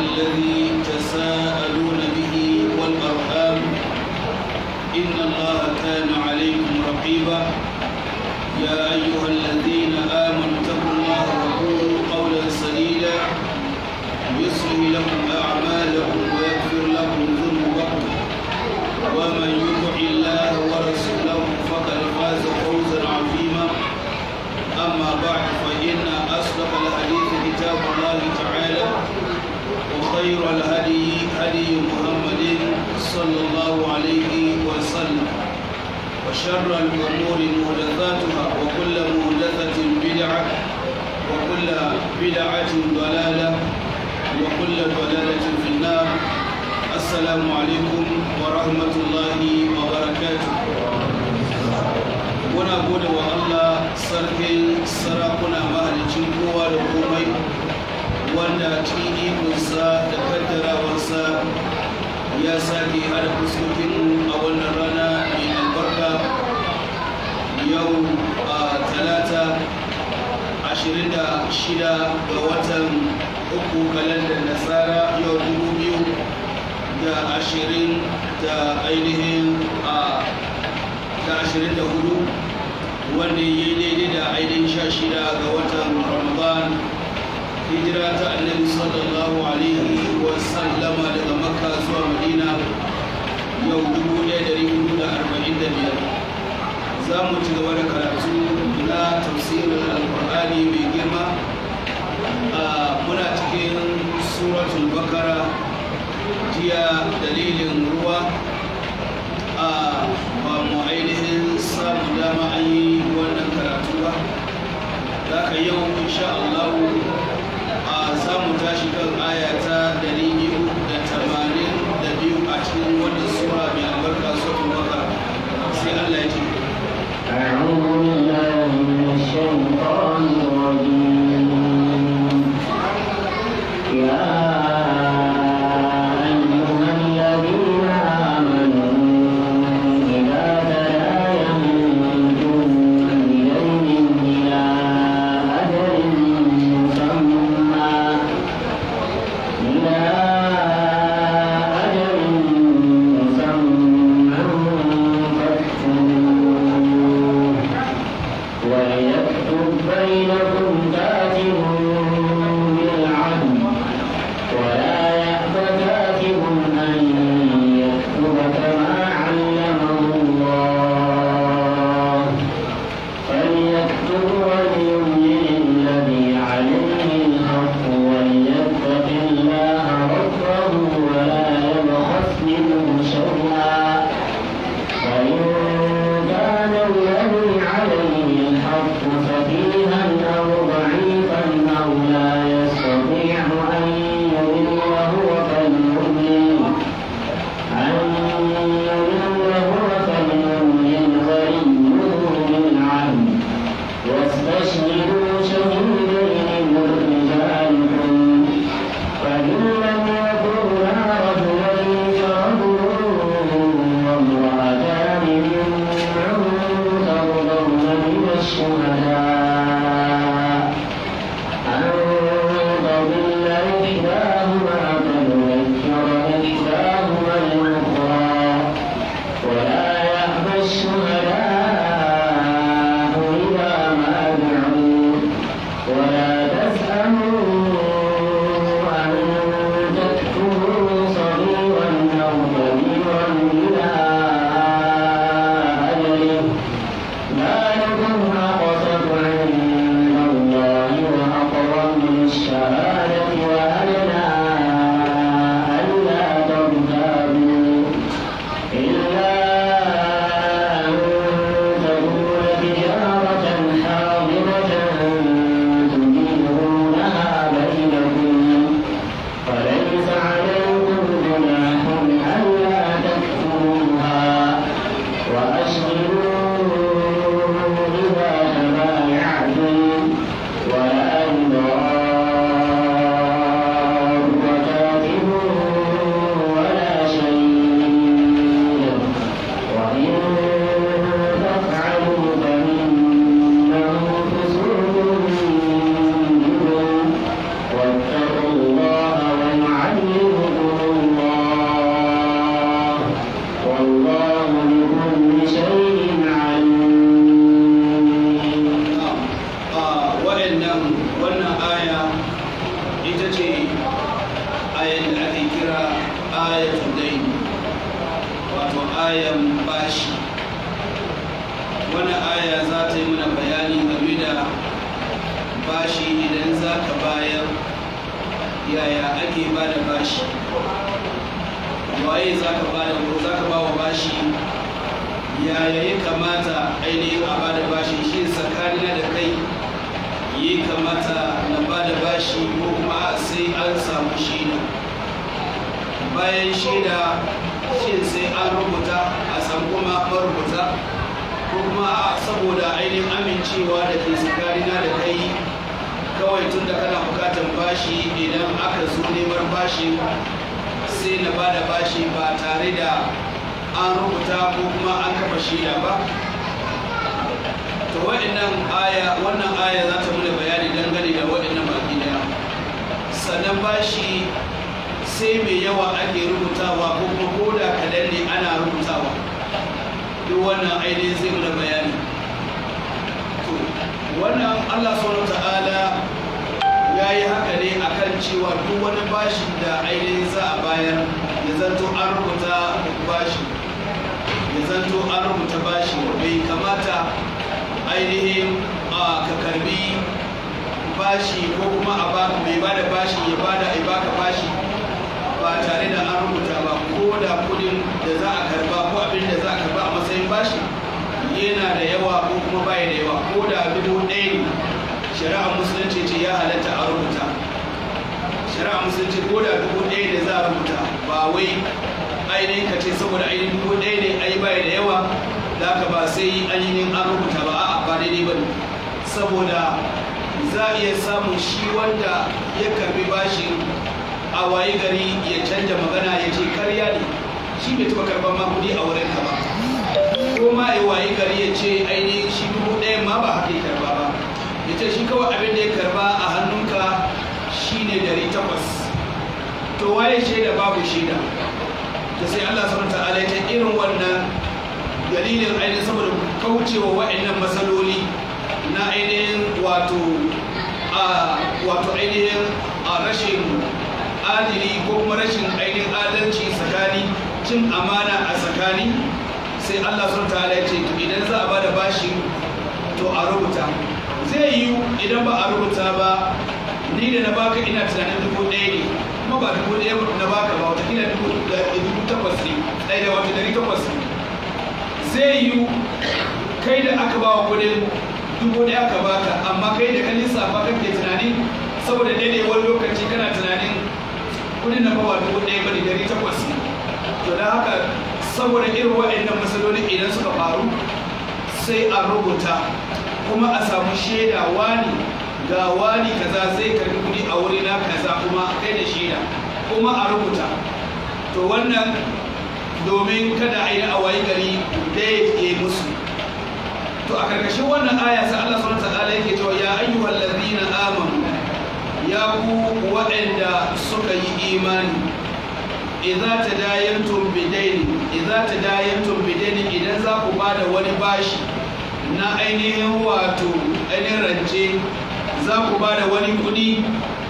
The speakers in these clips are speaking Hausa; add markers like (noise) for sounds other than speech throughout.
الذي تساءلون به والأرحام إن الله كان عليكم رقيبا يا أيها وشر الأمور مهدثاتها وكل مهدثة بدعة وكل بدعة ضلالة وكل ضلالة في النار السلام عليكم ورحمة الله وبركاته muna gode wa Allah sarkin sarakuna mahalicin kowa da komai wanda cikin ikonsa da kaddarawarsa ya sake hada fuskokinmu a wannan rana mai yau a talata 26 ga watan uku kalandar nasara yau dubu biyu da ashirin da ainihin a da ashirin da hudu wanda ya yi daidai da ainihin sha shida ga watan ramadan hijira ta annabi sallallahu alaihi wa sallama daga makka zuwa madina yau dubu ɗaya da hudu da arba'in da biyar za mu ci gaba da karatu na tafsirin alkur'ani mai girma A muna cikin suratun bakara jiya dalilin ruwa a ba mu ainihin samu dama an yi wannan karatu ba za ka yau insha A za mu tashi kan ayata dalilin yaya ya kamata ainihin a bada bashi shi tsakanina da kai ya kamata na bada bashi ko kuma sai an samu shida bayan shida shi sai an rubuta a samu kuma marubuta ko kuma saboda ainihin amincewa da ke tsakanina da kai kawai tun da kana bukatan bashi idan aka zo neman bashi sai na bada bashi ba tare da an rubuta ko kuma an kafa shaida ba to wa'annan aya wannan aya za ta muna bayani dangane da waɗannan baki daya sannan bashi sai mai yawa ake rubutawa ko kuma ko da kadan ne ana rubutawa duk wannan ainihin zai muna bayani to wannan allah subhanahu ta'ala ya yi haka ne a kan cewa duk wani bashi da ainihin za a bayar ya zanto an rubuta bashi zanto an rubuta bashi bai kamata ainihin ka karbi bashi ko kuma a ba mai ba da bashi ya ba da a baka bashi ba tare da an rubuta ba ko da kudin da za a karba ko abin da za a karba a matsayin bashi yana da yawa ko kuma baya da yawa ko da bido ɗaya ne shari'ar musulunci ce ya halatta a rubuta shari'ar musulunci ko da dubu ɗaya da za a rubuta ba wai ainihin ka ce saboda ainihin ko ɗaya ne ai bai da yawa da ka ba sai ainihin an rubuta ba a ba daidai ba saboda za a iya samun shi wanda ya karbi bashi a waye gari ya canja magana ya ce karya ne shi bai taɓa karɓar ma kuɗi a wurin ka ba ko ma ya waye gari ya ce ainihin shi dubu ɗaya ma ba haka ya karɓa ba ya ce shi kawai abin da ya karɓa a hannunka shine dari takwas to waye shaida babu shaida da sai Allah subhanahu ta'ala ta irin wannan dalilin ainihin saboda kaucewa wa'annan matsaloli na ainihin wato a wato ainihin a rashin adili ko kuma rashin ainihin adalci tsakani cin amana a tsakani sai Allah subhanahu ta'ala ya ce to idan za a bada bashi to a rubuta zai yiwu idan ba a rubuta ba ni da na baka ina tunanin dubu ɗaya ne kuma ba dubu ɗaya na baka ba wata kila dubu takwas ne ɗaya da ɗari takwas ne zai yi kai da aka ba wa kudin dubu ɗaya aka baka amma kai da ka lissafa kake tunani saboda daidaiwar lokaci kana tunanin kudin na bawa dubu ɗaya ne ɗari takwas ne to da haka saboda irin waɗannan matsaloli idan suka faru sai a rubuta kuma a samu shaida wani ga wani kaza zai karbi kuɗi a wurina kaza kuma kai da shaida kuma a rubuta to wannan domin kada a yi a wayi gari da ya musu to a karkashin wannan aya sai Allah sun wataala yake cewa ya ayyuhal na amanu ya ku waɗanda suka yi imani idza tadayantum bidaini idza tadayantum bidaini idan za ku ba da wani bashi na ainihin wato ainihin rance za ku ba da wani kuɗi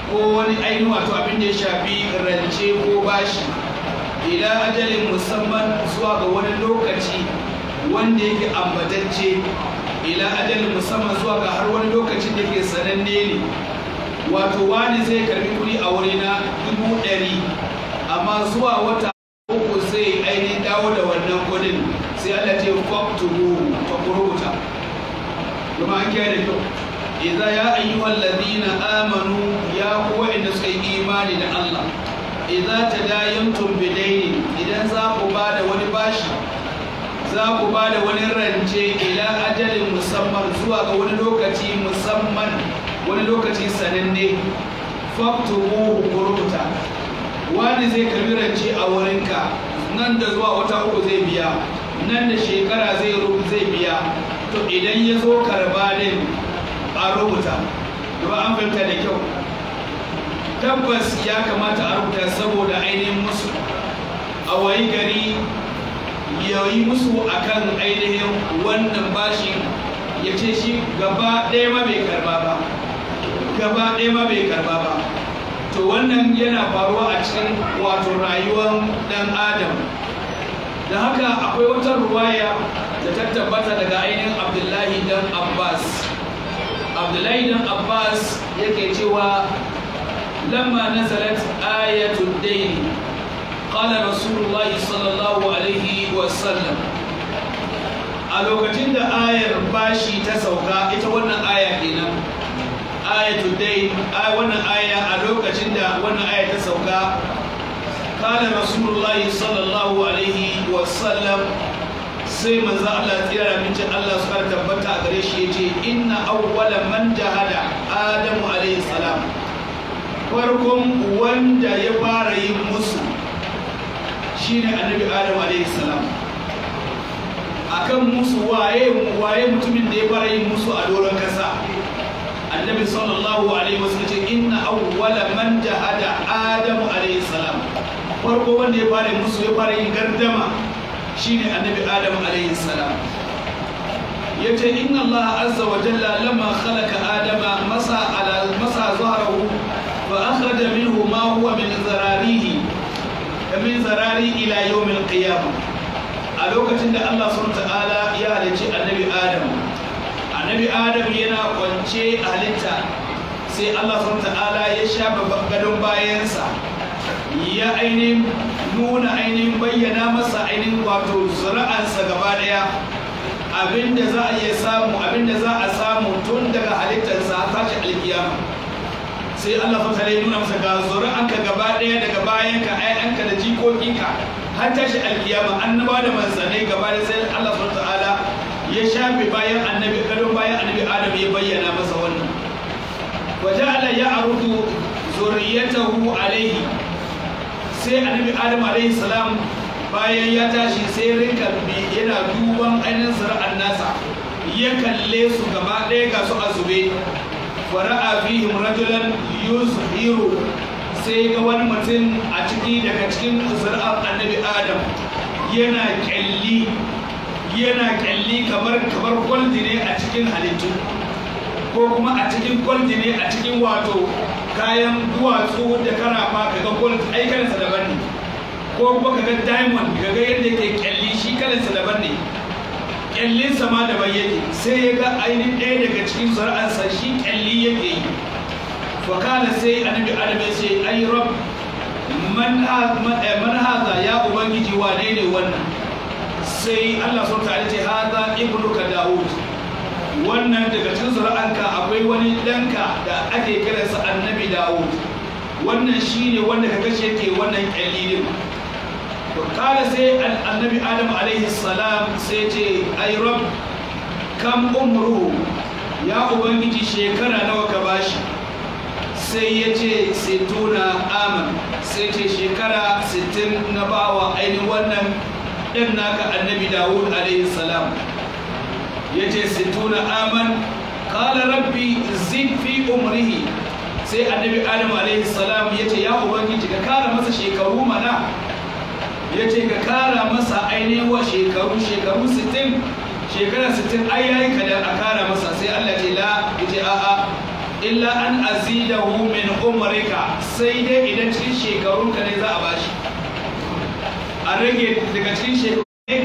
ko wani ainihin wato abin da ya shafi rance ko bashi ila ajalin musamman zuwa ga wani lokaci wanda yake ambatacce ila ajalin musamman zuwa ga har wani lokacin da ke sananne ne wato wani zai karbi kuɗi a wuri na dubu ɗari amma zuwa wata uku zai ainihin dawo da wannan kuɗin sai Allah ce faktubu ta kuruta kuma an kiyaye da kyau idan ya ayyuhal ladina amanu ya kuwa inda suka yi imani da Allah idza tadayantum bidaini idan za ku ba da wani bashi za ku ba da wani rance ila ajalin musamman zuwa ga wani lokaci musamman wani lokaci sananne faktuhu ku rubuta wani zai karbi rance a wurinka nan da zuwa wata uku zai biya nan da shekara zai zai biya to idan ya zo karba din a rubuta to an fahimta da kyau tabbas ya kamata a rubuta saboda ainihin musu a wayi gari ya yi musu akan ainihin wannan bashi ya ce shi gaba ɗaya ma bai karba ba gaba ɗaya ma bai karba ba to wannan yana faruwa a cikin wato rayuwar ɗan adam da haka akwai wata ruwaya da ta tabbata daga ainihin abdullahi dan abbas abdullahi dan abbas yake cewa لما نزلت آية الدين قال رسول الله صلى الله عليه وسلم a lokacin da ayar bashi ta sauka ita wannan aya kenan aya today wannan aya a lokacin da wannan aya ta sauka kala rasulullahi sallallahu alaihi wa sallam sai manzo Allah tsira da mincin Allah su tabbata a gare shi yace inna awwala man jahada adamu alaihi salam farkon wanda ya fara yin musu shine annabi adam alaihi salam akan musu waye waye mutumin da ya fara yin musu a doron kasa annabi sallallahu alaihi wasallam ce inna awwala man jahada adam alaihi salam farko wanda ya fara musu ya fara yin gardama shine annabi adam alaihi salam yace inna allah azza wa jalla lamma khalaqa adama masa ala masa zahrahu فأخرج منه ما هو من زراريه من زراري إلى يوم القيامة a lokacin da Allah sun ta'ala ya halicci annabi Adam annabi Adam yana kwance a halitta sai Allah sun ya shafa gadon bayansa ya nuna ainihin bayyana masa ainihin wato zura'ansa gaba daya abinda za a iya samu abinda za a samu tun daga halittarsa har tashi alkiyama sai Allah fa nuna masa ga ka gaba ɗaya daga bayanka ayyanka da jikokinka har tashi alkiyama annaba da manzanai gaba da sai Allah subhanahu ta'ala ya shafe bayan annabi kadon bayan annabi Adam ya bayyana masa wannan waja'ala ya'rudu zuriyatahu alaihi sai annabi Adam alaihi salam bayan ya tashi sai rinka yana duban ainihin zuri'an nasa ya kalle su gaba ɗaya ga su a zube wa فيهم رجلا rajulan yuzhiru sai ga wani mutum a ciki daga cikin ينا annabi adam yana kyalli yana kyalli kamar kamar gwaldi ne a cikin ko kuma a cikin gwaldi ne a cikin wato kayan duwatsu da karafa kaga gold ai kalansa daban ne ko kuma kaga diamond kaga yadda yake kyalli shi kalansa daban ne ƙyallinsa ma da bai yake sai ya ga ainihin ɗaya daga cikin zuri'arsa shi ƙyalli yake yi fakala sai a adam ya ce ai rob eh, man haza ya ubangiji wa ne wannan sai Allah sun ta ce haza ka dawud wannan daga cikin zuri'anka akwai wani ɗanka da ake kiransa annabi dawud wannan shine wanda ka kashe ke wannan ƙyalli ne kala sai annabi adam alaihi salam sai ce ai rab kam umru ya ubangiji shekara nawa ka bashi sai ya ce situna aman sai ce shekara sittin na bawa ainihin wannan ɗin naka annabi dawud alaihi salam ya ce situna aman kala rabbi zid fi umrihi sai annabi adam alaihi salam ya ce ya ubangiji ka kara masa shekaru mana ya ce ka kara masa ainihin wa shekaru shekaru 60 shekara 60 ai yayi kadan a kara masa sai Allah ce la ce a a illa an azidahu min umrika sai dai idan cikin shekarun ka ne za a bashi a rage daga cikin shekaru ne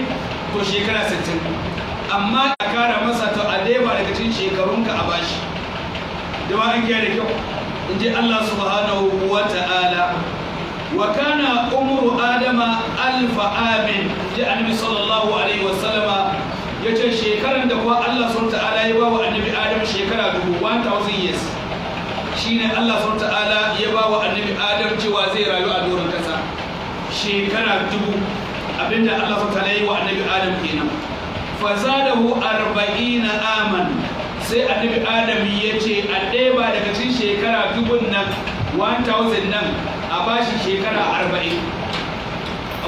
ko shekara 60 amma a kara masa to a daiba daga cikin shekarun ka a bashi da ba an kiyaye da kyau in ji Allah subhanahu wa ta'ala wa kana umru adama alfa amin ji annabi sallallahu alaihi wasallama ya ce shekaran da kuwa Allah sun ya ba wa annabi shekara dubu 1000 years shine Allah sun ya ba wa annabi cewa zai rayu a doron kasa shekara dubu abinda Allah sun ta'ala wa annabi adam sai annabi adam ya ce a ɗaya ba daga cikin shekara dubun nan 1000 nan a bashi shekara arba'in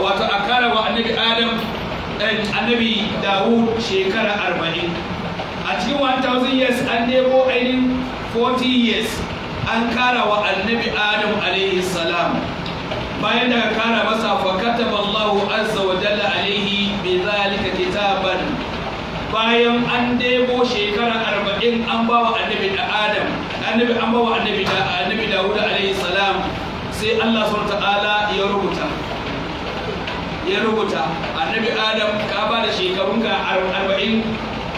wato a kara wa annabi adam ɗan eh, annabi dawud shekara arba'in a cikin 1000 years an nemo ainihin 40 years an kara wa annabi adam alaihi salam bayan daga kara masa fakata Allahu azza wa jalla alaihi bi zalika kitaban bayan an debo shekara arba'in an ba wa annabi adam annabi an ba wa annabi dawud alaihi salam sai Allah sun ta'ala ya rubuta ya rubuta annabi adam ka ba da shekarunka arba'in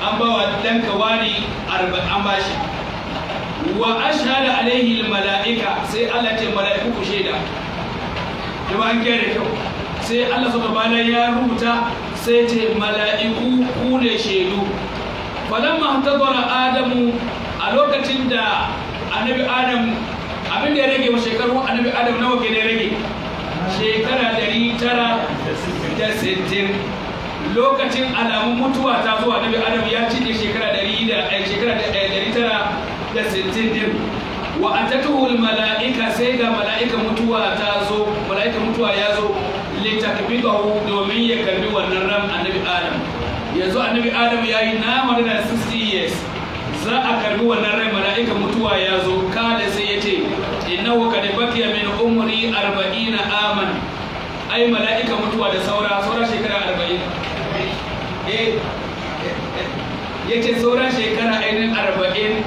an ba wa danka wani arba'in shi. wa ashhada alaihi mala'ika sai Allah ce mala'iku ku shaida kuma an kere kyau sai Allah sun ta'ala ya rubuta sai ce mala'iku ku ne shaidu falamma hadara adamu a lokacin da annabi adam abin da ya rage wa shekaru annabi adam nawa ke da rage shekara dari tara da sittin lokacin alamun mutuwa ta zuwa annabi adam ya ne shekara dari da eh, shekara dari eh, tara da sittin din wa atatuhu mala'ika sai ga mala'ika mutuwa ta zo mala'ika mutuwa ya zo litakbidahu domin ya karbi wannan ran annabi adam yanzu annabi adam ya yi nama da 60 years za a karbi wannan rai mala'ika mutuwa ya zo kada sai ya ce innahu qad baqiya min umri 40 aman ai mala'ika mutuwa da saura saura shekara 40 eh yace saura shekara ainin 40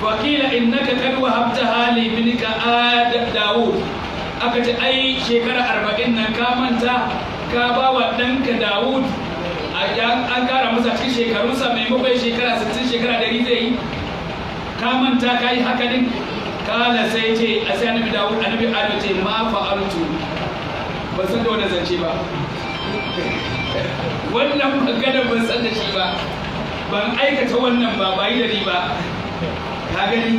wakila innaka qad wahabta hali binika daud aka ce ai shekara 40 nan ka manta ka ba wa danka daud an kara masa cikin shekarunsa maimakon shekara 60 shekara 100 zai yi ka manta ka yi haka din kala sai ce a sai annabi dawud annabi ado ce ma fa'altu ba san da wannan zance ba (laughs) wannan maganar ban san da shi ba ban aikata wannan ba ba yi da ni ba ka gani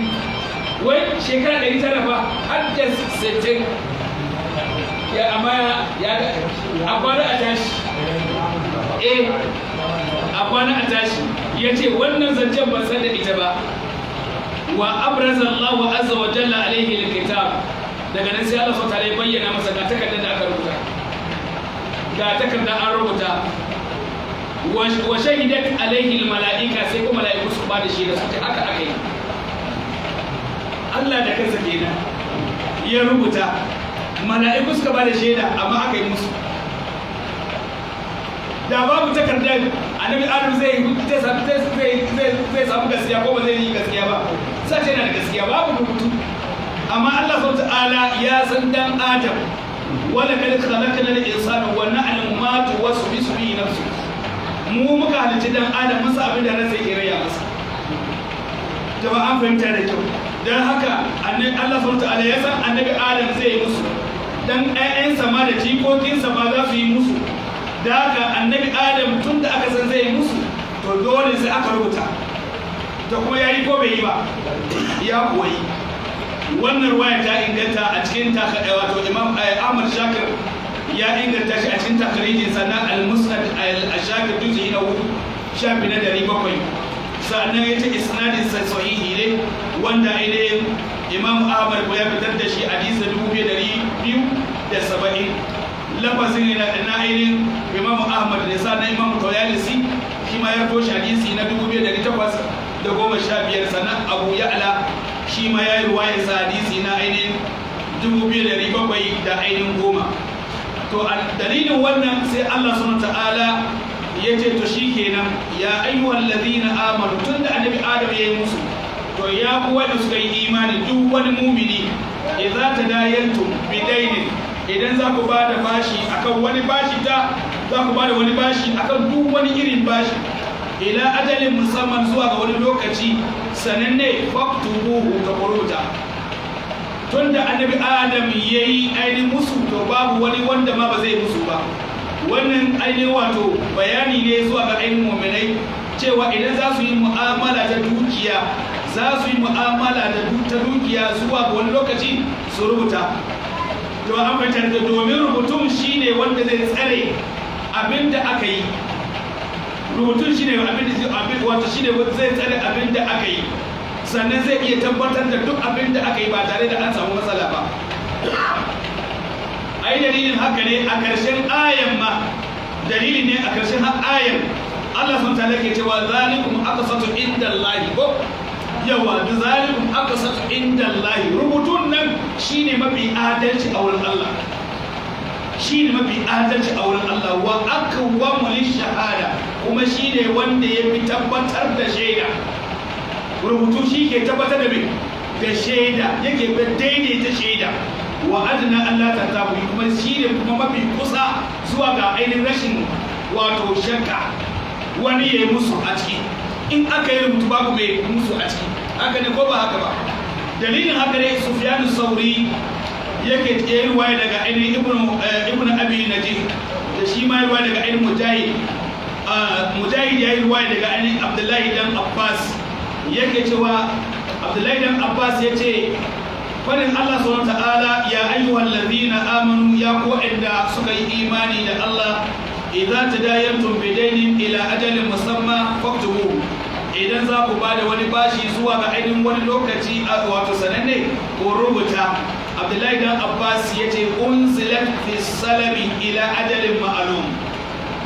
wai shekara ɗari tara ba har da sittin ya amma ya a kwana a tashi eh a kwana a tashi ya ce wannan zancen ban san da ita ba wa abraza Allahu azza wa jalla alaihi alkitab daga nan sai Allah subhanahu ya bayyana masa ga takardar da aka rubuta ga takardar an rubuta wa shahidat alaihi almalaiika sai kuma malaiku su bada shi da su aka aka yi Allah da kansa kenan ya rubuta mala'iku suka bada shaida amma aka yi musu da babu takardar annabi adam zai zai zai zai samu gaskiya ko ba zai yi gaskiya ba sace na da gaskiya babu rubutu amma Allah subhanahu ta'ala ya san dan adam wala kad khalaqna al-insana wa na'lamu ma tuwaswisu bi nafsi mu muka halicci dan adam masa abin da ransa yake raya masa da ba an fahimta da kyau dan haka annabi Allah subhanahu ta'ala ya san annabi adam zai yi musu dan ƴaƴansa ma da jikokinsa ma za su yi musu da haka annabi adam tun da aka san zai yi musu to dole sai aka rubuta ta kuma ya yi ko bai yi ba ya koyi wannan ruwaya ta inganta a cikin takarai eh, wato imam eh, ahmad shakir ya inganta shi a cikin takarijin sannan al-musnad al-shakir juzi na hudu shafi na dari bakwai sannan ya ce isnadin sa hire wanda ile imam ahmad ya fitar da shi disa dubu biyu dari biyu da saba'in lafazin na ainihin imam ahmad ne na imam tawalisi shi ma ya toshe hadisi na dubu biyu dari takwas da goma sha biyar sannan abu ya'la shi ma ya yi ruwayar hadisi na ainihin dubu biyu da riba bai da ainihin goma to a dalilin wannan sai Allah suna ta'ala ya ce to shi kenan ya ayyuhal ladina amanu tun da annabi adam ya yi musu to ya kuwa da suka yi imani duk wani mumini idza tadayantum bidainin idan za ku ba da bashi akan wani bashi ta za ku ba da wani bashi akan duk wani irin bashi ila ajalin musamman zuwa ga wani lokaci sananne faktubuhu ka kuruta tunda annabi adam yayi ainihin musu to babu wani wanda ma ba zai musu ba wannan ainihin wato bayani ne zuwa ga ainihin mu'minai cewa idan za su yi mu'amala ta dukiya za su yi mu'amala ta dukiya zuwa ga wani lokaci su rubuta to an fitar da domin rubutun shine wanda zai tsare abinda aka yi rubutun shine abin da abin wato shine zai tsare abin da aka yi sannan zai iya tabbatar da duk abin da aka yi ba tare da an samu matsala ba ai dalilin haka ne a ƙarshen ayan ma dalilin ne a ƙarshen ayan Allah sun tare ke cewa zalikum aqsatu inda Allah ko yawa da zalikum aqsatu inda Allah rubutun nan shine mafi adalci a wurin Allah shi ne mafi adalci a wurin Allah wa aka wa shahada kuma shi ne wanda ya fi tabbatar da shaida rubutu shi ke tabbatar da mai da shaida yake fi daidaita shaida wa adana Allah ta tabu kuma shi ne kuma mafi kusa zuwa ga ainihin rashin wato shakka wani ya yi musu a ciki in aka yi rubutu babu mai musu a ciki haka ne ko ba haka ba dalilin haka ne sufiyanu sauri yake ya yi daga ainihin eh, ibn abi najih da shi ma ruwaya daga ainihin mujahid ah, mujahid ya yi ruwaya daga ainihin abdullahi dan abbas yake cewa abdullahi dan abbas ya ce kwanin allah sauran ta'ala ya ayyuhan ladina amanu ya ko inda suka yi imani da allah idan tadayantum bidainin ila ajalin musamman faktubu idan za ku ba da wani bashi zuwa ga ainihin wani lokaci a wato sananne ko rubuta abdullahi dan abbas ya ce unzilat fi salami ila ajalin ma'alum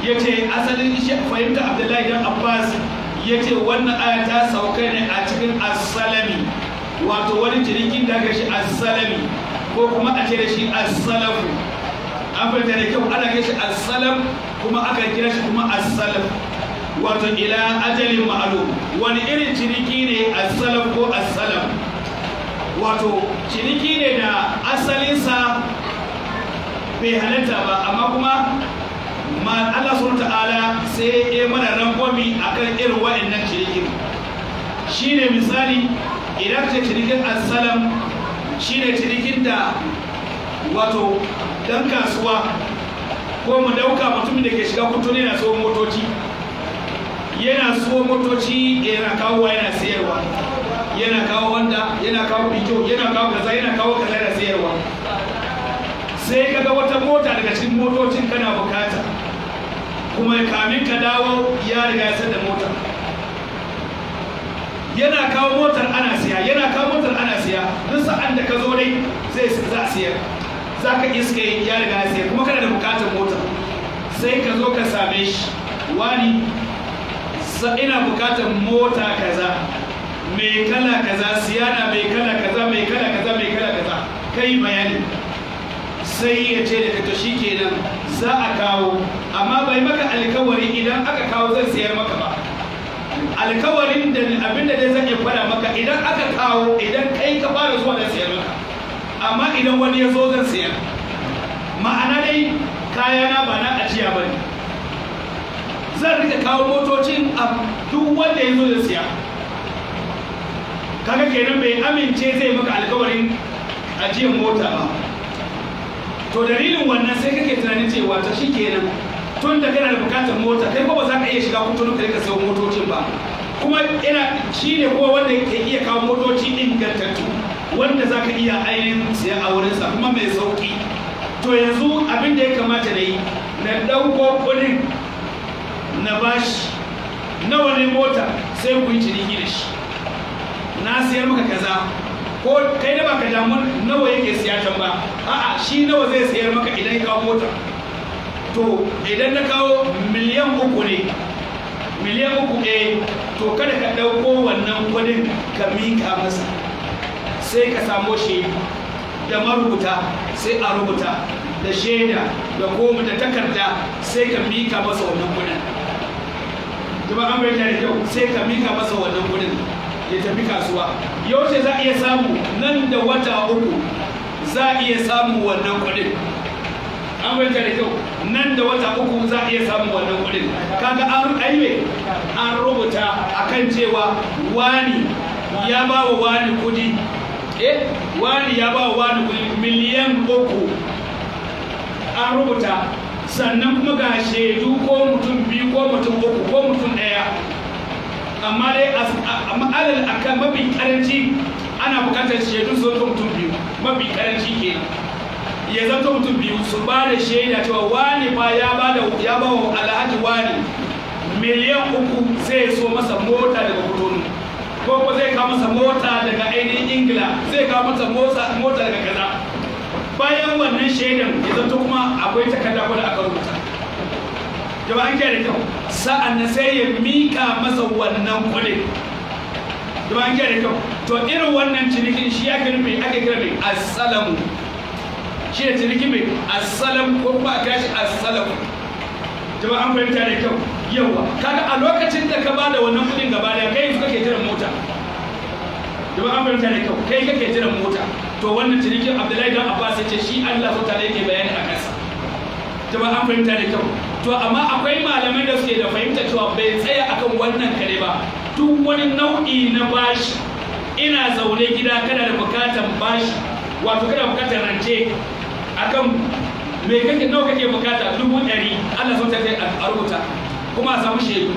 ya ce asalin fahimta abdullahi dan abbas ya ce wannan aya ta sauka ne a cikin asalami wato wani jirgin da shi asalami ko kuma a ce da shi asalafu an fahimta da kyau ana kira shi asalam kuma aka kira shi kuma asalaf wato ila ajalin ma'alum wani irin ciniki ne asalaf ko asalam wato ciniki ne da asalinsa bai halitta ba amma kuma Allah subhanahu ta'ala sai ya mana rangwami kan irin waɗannan cinikin ne misali idan ce cinikin shi ne cinikin da wato dan kasuwa ko mu dauka mutumin da ke shiga kuto na tsohon motoci yana tsohon motoci yana kawowa yana sayarwa yana kawo wanda yana kawo kyau yana kawo kaza yana kawo kaza da sayarwa sai kaga wata mota daga cikin motocin kana bukata kuma kamin ka dawo ya riga ya da mota yana kawo motar ana siya yana kawo motar ana siya duk sa'an da ka zo dai zai za a siyar za ka iske ya riga ya siya kuma kana da bukatar mota sai ka zo ka same shi wani ina bukatar mota kaza mai kala kaza siyana mai kala kaza mai kala kaza mai kala kaza kai bayani sai ya ce da kato shi kenan za a kawo amma bai maka alkawari idan aka kawo zan siyar maka ba alkawarin da abin da zan iya fara maka idan aka kawo idan kai ka fara zuwa da siyar maka amma idan wani ya zo zan siyar ma'ana dai kayana ba na ajiya ba ne zan rika kawo motocin a ah, duk wanda ya zo da siya kaga kenan bai amince zai maka alkawarin ajiyar mota ba to dalilin wannan sai kake tunanin cewa ta shi kenan tun da kana da bukatar mota kai ba za ka iya shiga kuturu ka rika sayo motocin ba kuma yana shi ne kuma wanda ke iya kawo motoci ingantattu wanda za ka iya ainihin siya a wurinsa kuma mai sauki to yanzu abin da ya kamata na yi na ɗauko kuɗin na bashi nawa ne mota sai ku yi ciniki da shi na siyar maka kaza ko kai da baka damu nawa yake siya can ba a'a shi nawa zai siyar maka idan ka mota to idan na kawo miliyan uku ne miliyan uku ne eh, to kada ka dauko wannan kudin ka mika masa sai ka samo shi da marubuta sai a rubuta da shaida da komi da takarda sai ka mika masa wannan kudin Jama'a an bayyana da kyau sai ka mika masa wannan kudin ya tafi kasuwa yaushe za a iya samu nan da wata uku za a iya samu wannan kuɗin an bai da kyau nan da wata uku za a iya samu wannan kuɗin kaga an aiwe an rubuta akan cewa wani ya ba wa wani kuɗi eh wani ya ba wa wani kuɗi miliyan uku an rubuta sannan kuma ga shaidu ko mutum biyu ko mutum uku ko mutum ɗaya amma dai alal akan mafi karanci ana bukatar shaidu su zanto mutum biyu mafi karanci ke ya zanto mutum biyu su ba da shaida cewa wani ba ya ba da ya ba wa alhaji wani miliyan uku zai so masa mota daga kotonu ko ko zai kawo masa mota daga ainihin ingila zai kawo masa mota daga kaza bayan wannan shaidan ya zanto kuma akwai takarda wadda aka rubuta jama'an ke da kyau sa'an na sai ya miƙa masa wannan kuɗin jama'an ke da kyau to irin wannan cinikin shi ya kira mai ake kira mai assalamu shi ne cinikin mai assalam ko kuma a kashi assalam an fahimta da kyau yawa kaga a lokacin da ka ba da wannan kuɗin gaba da kai ke jiran mota an fahimta da kyau kai ke jiran mota to wannan cinikin abdullahi dan abbas ya ce shi allah ta yake bayani a kansa jama'an fahimta da kyau to amma akwai malamai da suke da fahimta cewa bai tsaya akan wannan kare ba duk wani nau'i na bashi ina zaune gida kana da bukatan bashi wato kana bukatan rance akan me kake nawa kake bukata dubu ɗari Allah sun kai a rubuta kuma a samu shedu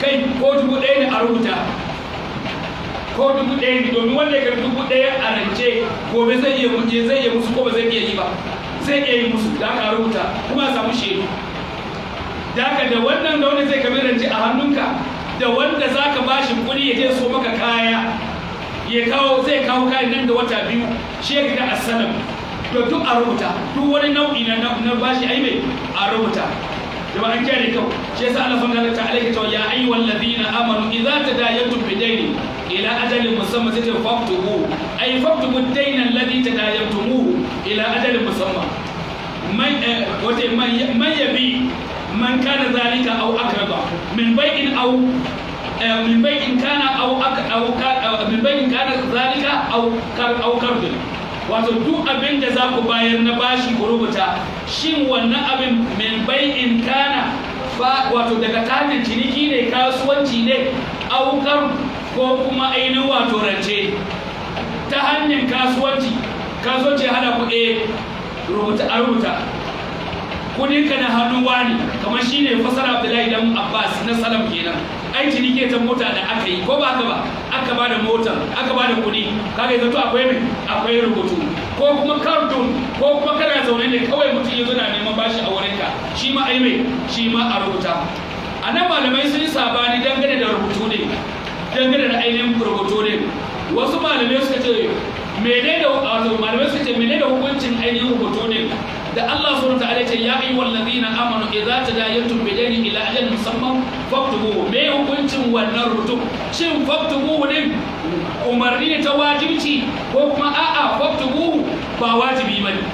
kai ko dubu ɗaya ne a rubuta ko dubu ɗaya ne domin wanda ya dubu ɗaya a rance gobe zai iya musu ko ba zai iya yi ba zai iya yi musu da aka rubuta kuma a samu shedu daga da wannan da wani zai kamar rance a hannunka da wanda za ka bashi kuɗi ya je so maka kaya ya kawo zai kawo kayan nan da wata biyu shi ya gida assalam to duk a rubuta duk wani nau'i na na bashi ai mai a rubuta da an kyare kau shi yasa Allah subhanahu wa ta ke cewa ya ayyuhal ladina amanu idza tadayantum bidayni ila ajalin musamman sai ta faktubu ai faktubu dayna alladhi tadayantumuhu ila ajalin musamman man eh, wata man yabi man kana zalika au akraba min bai'in au eh, min bai'in kana au au min bai'in kana zalika au kar au karbin wato duk abin da za ku bayar na bashi ku rubuta shin wannan abin min bai'in kana wato daga katin ciniki ne kasuwanci ne aukar ko kuma ainihin wato rance ta hanyar kasuwanci kasuwanci hada kuɗe eh, rubuta a rubuta ka na hannu wani kamar shi ne fasara abdullahi dan abbas na salam kenan ai ke ta mota da aka yi ko ba ka ba aka ba da mota aka ba da kudi kaga zato akwai ne? akwai rubutu ko kuma kardun ko kuma kana zaune ne kawai mutum ya zuna neman bashi a ka shi ma ai mai shi ma a rubuta a nan malamai sun yi sabani dangane da rubutu ne dangane da ainihin rubutu ne wasu malamai suka ce menene da malamai suka ce menene da hukuncin ainihin rubutu ne da Allah subhanahu ta'ala ce ya yi ayyuhal na amanu idza tadayantum bi daynin ila ajalin musamman faktubu me hukuncin wannan rutum shin faktubu ne umarni ne ta wajibci ko kuma a'a faktubu ba wajibi bane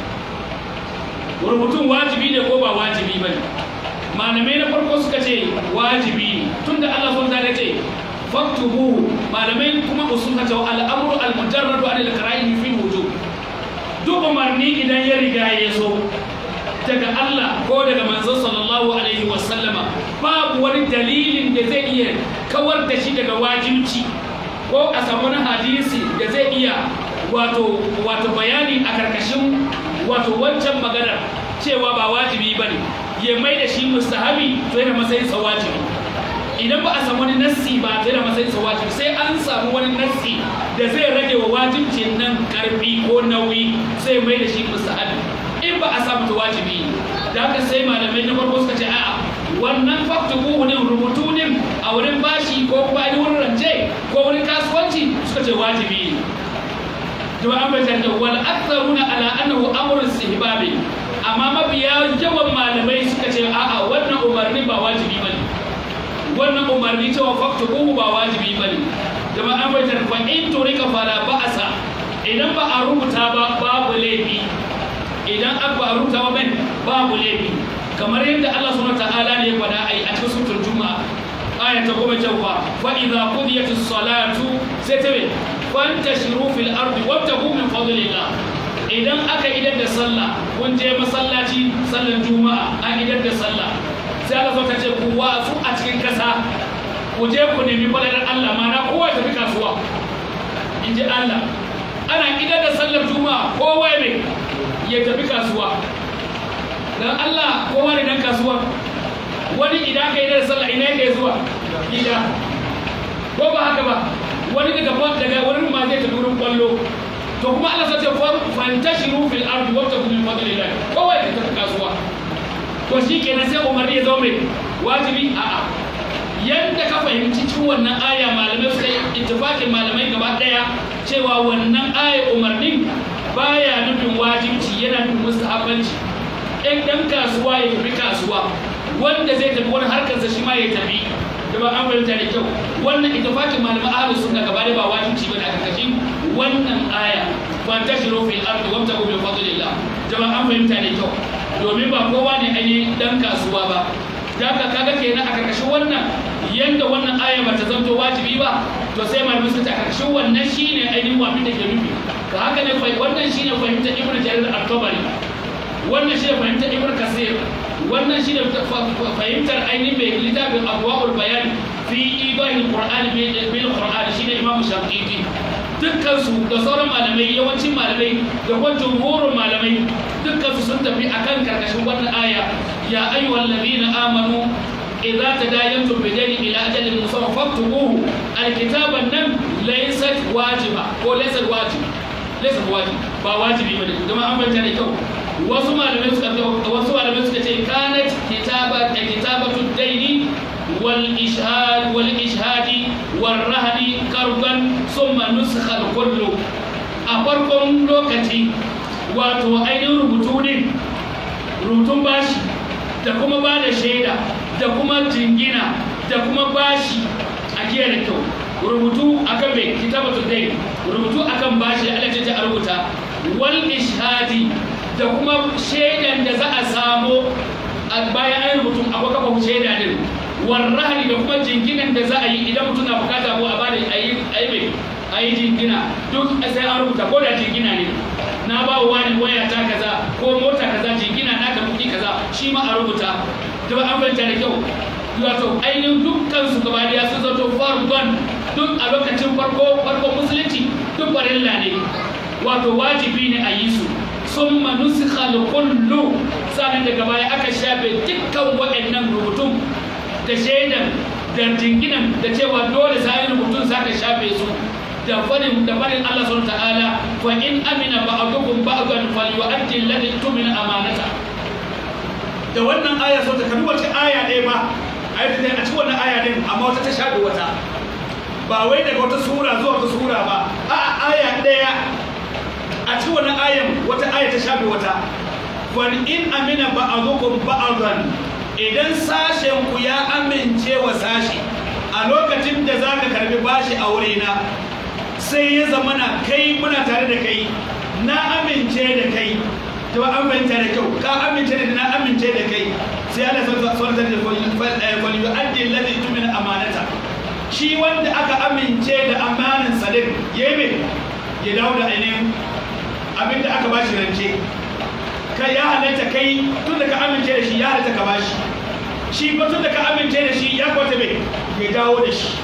rubutun wajibi ne ko ba wajibi bane malamai na farko suka ce wajibi ne tunda Allah subhanahu ta'ala ce faktubu malamai kuma su usul ta al'amru al-mujarradu an al-qara'in fi duk umarni idan ya riga ya zo daga Allah ko daga manzon sallallahu alaihi wasallama babu wani dalilin da zai iya kawar da shi daga wajibci ko a samu na hadisi da zai iya wato wato bayani a karkashin wato wancan magana cewa ba wajibi bane ya mai da shi mustahabi to yana masa yin wajibi idan ba a samu wani nassi ba tare da matsayin sa wajib sai an samu wani nassi da zai rage wa wajibcin nan karfi ko nauyi sai mai da shi musa'ad in ba a samu ta wajibi da haka sai malamai na farko suka ce a'a wannan faktubu ne rubutu ne a wurin bashi ko kuma a wurin rance ko wurin kasuwanci suka ce wajibi jama'a bai tarda wal aktharuna ala annahu amrun sihbabi amma mabiya, yawan malamai suka ce a'a wannan umarni ba wajibi ba wannan umarni cewa ko ba wajibi bane Da amma ta fa in turika fala ba'asa idan ba a rubuta ba babu laifi idan an ba a rubuta ba ben babu laifi kamar yadda Allah subhanahu ta'ala ne faɗa ai a cikin suratul juma'a aya ta goma cewa fa idza qudiyatis salatu sai ta be fantashiru fil ardi wabtagu min fadlillah idan aka idar da sallah kun je masallaci sallan juma'a a idar da sallah sai aka zo ta ce ku wasu a cikin ƙasa ku je ku nemi falalar Allah mana kowa ya tafi kasuwa in ji Allah ana idan da sallar juma'a kowa ne ya tafi kasuwa dan Allah kowa ne dan kasuwa wani idan ka yi da sallar ina yake zuwa gida ko ba haka ba wani daga daga wani ma zai tafi wurin kwallo to kuma Allah sai ya to shi kenan sai umarni ya zo mai wajibi a'a yadda ka fahimci cikin wannan aya malamai suka yi ittifaqin malamai gaba daya cewa wannan aya umarnin baya nufin wajibci yana nufin mustahabbanci in dan kasuwa ya tafi kasuwa wanda zai tafi wani harkarsa shi ma ya tafi da ba an fahimta da kyau wannan ittifaqin malamai ahlus sunna gaba da ba wajibci bane a karkashin wannan aya fantashiru fil ardi wabtagu min fadlillah da ba an fahimta da kyau domin ba kowa ne ainihin dan kasuwa ba daga kaga kenan a karkashin wannan yadda wannan aya ba ta zanto wajibi ba to sai malamin suka a karkashin wannan shine ainihin wafin da ke nufi to haka ne wannan shine fahimtar ibnu jarir al-tabari wannan shine fahimtar ibnu kasir wannan shine fahimtar ainihin mai littafin abwaul bayan fi ibahil qur'an bil qur'an shine imam shafi'i dukkansu da sauran malamai yawancin malamai da kuma jumhurin malamai dukkansu sun tafi akan karkashin wannan aya ya ayyuhal ladina amanu idza tadayantum bidayni ila ajalin musamman faktubuhu alkitaban nan laysat wajiba ko laysat wajiba laysat wajiba ba wajibi bane kuma an bayyana da kyau wasu malamai suka wasu malamai suka ce kanat kitaba kitabatu daini wal ishhad wal ishhadi wal rahani qarban thumma kullu a farkon lokaci wato ainihin rubutu ne rubutun bashi da kuma ba da shaida da kuma jingina da kuma bashi a kiyar kyau rubutu akan mai su dai rubutu akan bashi da Allah ta rubuta wal ishadi da kuma shaidan da za a samo a bayan an rubutun akwai kafa shaida din rahani da kuma jinginan da za a yi idan mutum na bukata ko a bada ayi ayi mai ai jingina duk sai an rubuta ko da jingina ne na ba wa ne waya ta kaza ko mota kaza jingina na ka kudi kaza shi ma a rubuta da ba an fahimta da kyau wato ainihin dukkan su gaba daya sun zato farban duk a lokacin farko farko musulunci duk farilla ne wato wajibi ne a yi su sun manusikha kullu sanan daga baya aka shafe dukkan waɗannan rubutun da shaidan da jinginan da cewa dole sai rubutun saka shafe su da farin da farin Allah subhanahu ta'ala fa in amina ba'dukum ba'dan falyu'addi ladin tumina amanata da wannan aya so ta kalmar ta aya ɗaya ba a yi a ci wannan aya ɗin amma wata ta shaɗi wata ba wai daga wata sura zuwa wata sura ba a aya ɗaya a ci wannan ayan wata aya ta shaɗi wata fa in amina ba ba a a ba'dan idan sashen ku ya amince wa sashi a lokacin da za ka karbi bashi a wurina sai ya zamana kai muna tare da kai na amince da kai to ba amince da kyau ka amince da na amince da kai sai Allah sai sauran da kwalli yu'addi eh, alladhi tumina amanata shi wanda aka amince da amanan salim yebe ya dawo da ainihin abinda aka bashi rance ka ya halatta kai tun da ka amince da shi ya halatta ka bashi shi ba tun da ka amince da shi ya kwata bai ya dawo da shi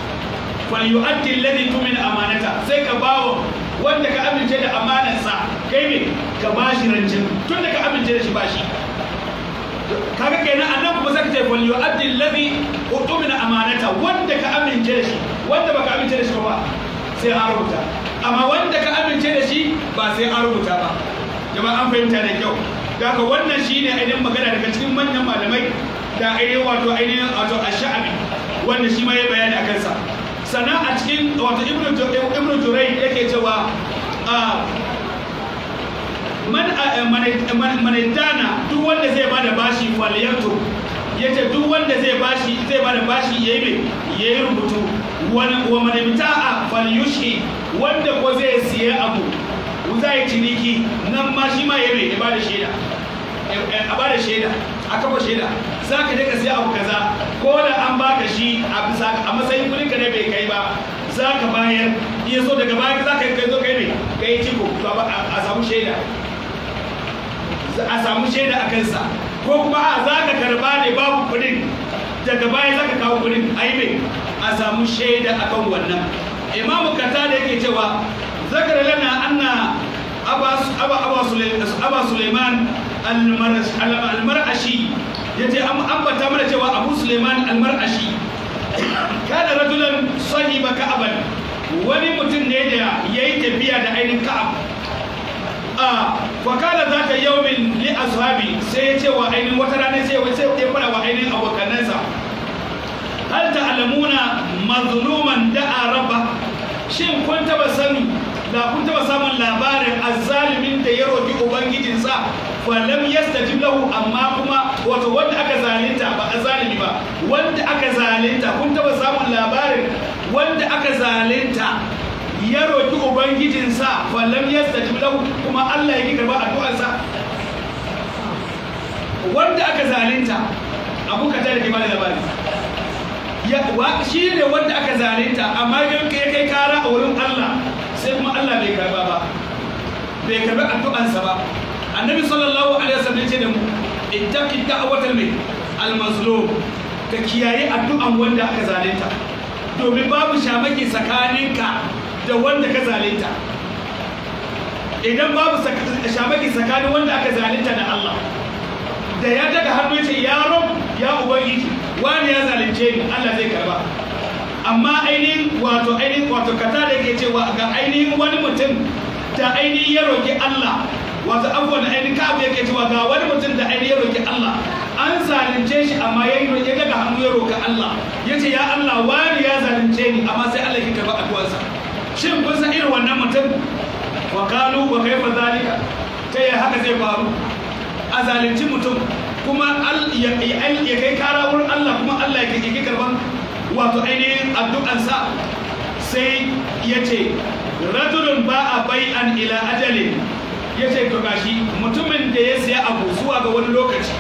falyu'addi alladhi tumina amanata sai ka bawo wanda ka amince da amanarsa kai me ka bashi rancin tun da ka amince da shi bashi kaga kenan annan kuma sai ka ce falyu'addi alladhi tumina amanata wanda ka amince da shi wanda baka amince da shi ba sai an rubuta amma wanda ka amince da shi ba sai an rubuta ba an fahimta da kyau daga wannan shine ainihin magana daga cikin manyan malamai da ainihin wato ainihin wato a shaabi wanda shi ma ya bayani a kansa sannan a cikin wato ibn jurai yake cewa ah, manaitana ah, eh, duk wanda zai bada bashi waliyarto ya ce duk wanda zai bashi zai bada bashi ya yi yi rubutu wa manaita a falyushi wanda ko zai siya abu za yi ciniki nan ma shi ma ya yi ba da shaida a ba da shaida a kafa shaida za ka je ka siya abu kaza ko da an baka shi a bisa a matsayin kudin ka ne bai kai ba za ka bayar iya so daga baya za ka kai zo kai ne kai ciko a samu shaida a samu shaida a kansa ko kuma a za ka karba ne babu kudin daga baya za ka kawo kudin a yi a samu shaida akan wannan imamu kata da yake cewa zakar lana anna aba suleiman almar'ashi ya ce an ambata mana cewa abu suleiman almar'ashi kada rajulan sahiba ka'aban wani mutum ne da ya yi tafiya da ainihin ka'ab a wakala za ta yau min li ashabi sai ya ce wa ainihin wata rana sai ya fara wa ainihin abokanansa hal alamuna mazluman da'a rabba shin kun taba sani da kun taba samun labarin azzalimin da ya roƙi ubangijinsa falam yastajib lahu amma kuma wato wanda aka zalinta ba azzalimi ba wanda aka zalinta kun taba samun labarin wanda aka zalinta ya roƙi ubangijinsa falam yastajib lahu kuma Allah ya ki karba addu'arsa wanda aka zalinta, abu ka tare ki bani labari shi ne wanda aka zalinta amma ya kai kara a wurin Allah sai kuma Allah bai karba ba bai karbi addu'ansa ba annabi sallallahu alaihi wasallam ce da mu ittaqi da'watal mai almazlum ka kiyaye addu'an wanda aka zalunta domin babu shamaki tsakaninka da wanda ka zalunta idan babu shamaki tsakanin wanda aka zalunta da Allah da ya daga hannu ce ya rob ya ubangiji wani ya zalunce ni Allah zai karba amma ainihin wato ainihin wato kata da yake cewa ga ainihin wani mutum da ainihin ya roƙi Allah wato abubuwan da ainihin kabu yake cewa ga wani mutum da ainihin ya roƙi Allah an zalunce shi amma ya yi daga hannu ya roƙi Allah ya ce ya Allah wani ya zalunce ni amma sai Allah ya karɓi addu'arsa shin kun san irin wannan mutum wa kalu wa kaifa zalika ta yaya haka zai faru a zalunci mutum kuma ya kai kara wurin Allah kuma Allah ya kike karban wato ainihin addu'ansa sai ya ce rajulun ba a bai an ila ajali ya ce to gashi mutumin da ya siya abu zuwa ga wani lokaci